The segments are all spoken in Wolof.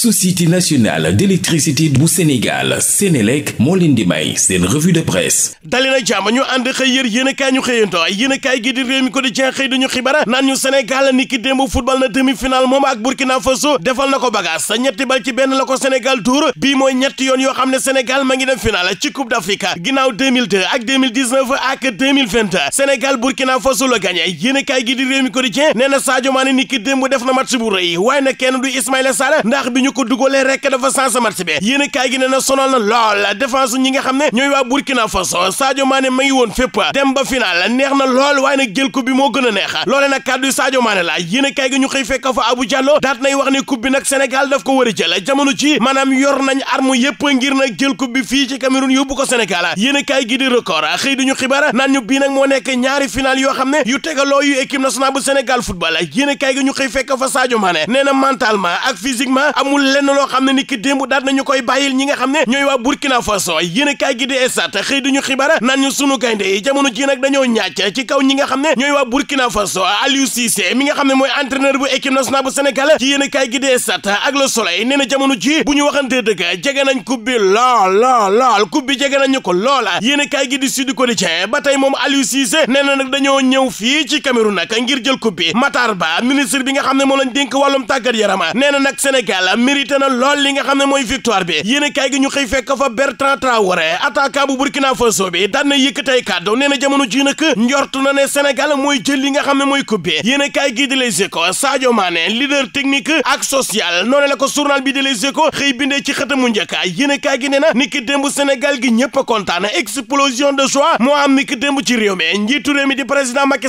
société nationale d'électricité bu Sénégal Sénélec moo leen di may seen revue de presse dali na ñu ànd xëy yër yéen kaay ñu xëyanto yéen a kaay gi di réew ko di jeex xëy dañu xibara naan ñu Sénégal ni démb football na demi-finale moom ak Burkina Faso defal na ko bagage sa ñetti bal ci benn la ko Sénégal tuur bii mooy ñetti yoon yoo xam ne Sénégal ma ngi ci Coupe d'Afrique ginnaaw ak 2019 ak Sénégal Burkina Faso la gagné yéen a ñu ko dugalee rek dafa sens match bi yéen a gi ne sonal na lool défense ñi nga xam ne ñooy waa Burkina Faso Sadio Mané ma ngi woon fépp dem ba final neex na lool waaye nag jël ko bi moo gën a neex loole nag kàddu Sadio la yéen a kaay gi ñu xëy fekk fa Abou daat nay wax ne coupe bi nag Sénégal daf ko war a jël jamono ci maanaam yor nañ arme yépp ngir nag jël coupe bi fii ci Cameroun yóbbu ko Sénégal yéen a kaay gi di record xëy duñu xibaar naan ñu bii nag moo nekk ñaari final yoo xam ne a kaay amul lenn loo xam ne ni ki démb daat nañu koy bàyyil ñi nga xam ne ñooy waa Burkina Faso yéen a kaay gi di esat xëy duñu xibara naan ñu sunu gaynde yi jamono ji nag dañoo ñàcc ci kaw ñi nga xam ne ñooy waa Burkina Faso Aliou Cissé mi nga xam ne mooy entraîneur bu équipe nationale bu Sénégal ci yéen a kaay gi di esat ak Le nee na jamono ji bu ñu waxantee dëgg jege nañ coupe bi lool lool lool jege nañ ñu ko loola yéen a kaay gi di Sud Quotidien ba tey moom Aliou Cissé nee na nag dañoo ñëw fii ci Cameroun nag ngir jël coupe bi Matar Ba ministre bi nga xam ne moo lañ dénk wàllum tàggat yarama nee na nag Sénégal mérité na lool li nga xam ne mooy victoire bi yéen kaay gi ñu xëy fekk fa Bertrand Traoré a bu Burkina Faso bi daan na yëkkatay kàddu nee na njortu na ne mooy jël li mooy coupe bi yéen kaay gi di Les Échos Sadio Mané ak social noonu ko journal bi di Les Échos ci xëtamu njëkk yéen kaay gi nee niki démb Sénégal gi ñëpp a kontaan explosion de moo am niki démb ci njiitu réew mi di président Macky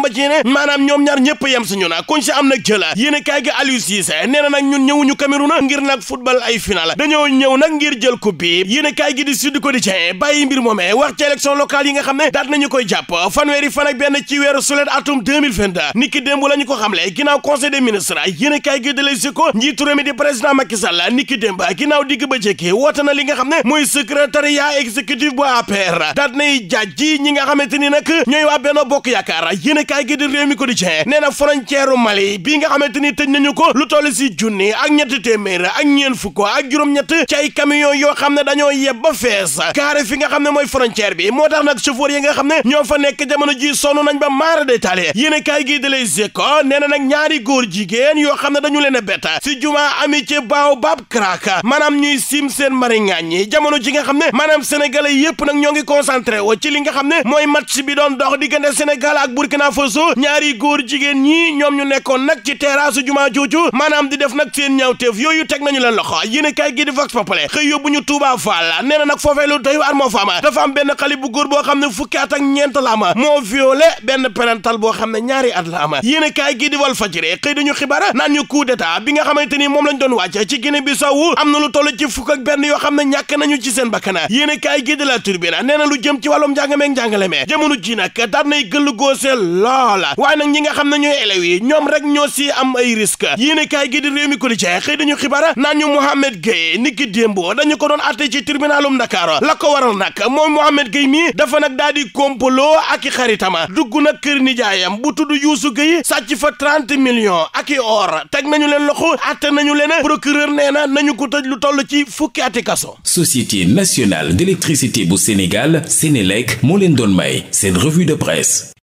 Samba Diéné maanaam ñoom ñaar ñëpp yem suñu na kuñ si am nag jëla yéen kaay gi Aliou Cissé nee na nag ñun ñëwuñu Cameroun ngir nag football ay final dañoo ñëw nag ngir jël coupe bi yéen kaay gi di Sud Quotidien bàyyi mbir moomee wax ci élection locale yi nga xam ne daat nañu koy jàpp fanweeri fan ak benn ci weeru sulet atum 2022 niki démb la ñu ko xamle ginnaaw conseil des ministres yéen kaay gi de Les Échos njiitu réew mi di président Macky Sall niki démb ginnaaw digg ba jekki woote na li nga xam ne mooy secrétariat exécutif bu APR daat nay jaaj ji ñi nga xamante ni nag ñooy waa Benno Bokk Yaakaar kaay gi di réew mi quotidien nee na frontière Mali bii nga xamante ni tëj nañu ko lu toll si junni ak ñetti téeméer ak ñeen fukk ak juróom-ñett ci ay camion yoo xam ne dañoo yeb ba fees carré fi nga xam ne mooy frontière bi moo tax nag chauffeur yi nga xam ne ñoo fa nekk jamono ji sonn nañ ba maara de tale yéen kaay gi di Les Échos nee na nag ñaari góor jigéen yoo xam ne dañu leen a bett si juma amitié baaw baab kraak maanaam ñuy sim seen mariŋaañ yi jamono ji nga xam ne maanaam sénégalais yépp nag ñoo ngi concentré wo li nga xam ne mooy match bi doon dox diggante Sénégal ak Burkina faso ñaari góor jigéen ñi ñoom ñu nekkoon nag ci terrasse jumaa jooju maanaam di def nag ñaaw ñaawteef yooyu teg nañu leen loxo yéene kaay gi di vox populi xëy yóbbu ñu Touba Fall nee na nag foofee lu doy waar moo fa dafa am benn xale góor boo xam ne fukki at ak ñeen la ma moo violé benn parental boo xam ne ñaari at la am yéene kaay gi di Walf Fadjri xëy dañu xibaar naan ñu coup d'état bi nga xamante ni moom lañ doon wàcce ci Guinée Bissau am na lu toll ci fukk ak xam ne ñàkk nañu ci seen bakkana yéene kaay gi di La Tribune nee na lu jëm ci wàllum njàngame ak njàngale me jamono ji nag daan nay gëllu góoseel laa lool waaye nag ñi nga xam nañu ñooy yi ñoom rek ñoo si am ay risque yéene kaay gi di réew mi ko di cee xëy dañu xibaar naan ñu Mohamed Gueye niki démb dañu ko doon atte ci tribunalum Dakar la ko waral nag moom Mohamed Gueye mi dafa nag daal di kompaloo ak i xaritama dugg nag kër nijaayam bu tudd Youssou Gueye sàcc fa trente millions ak i or teg nañu leen loxo atte nañu leen procureur nee na nañu ko tëj lu toll ci fukki ati kaso. Société nationale d'électricité bu Sénégal Sénélec moo leen doon may seen revue de presse.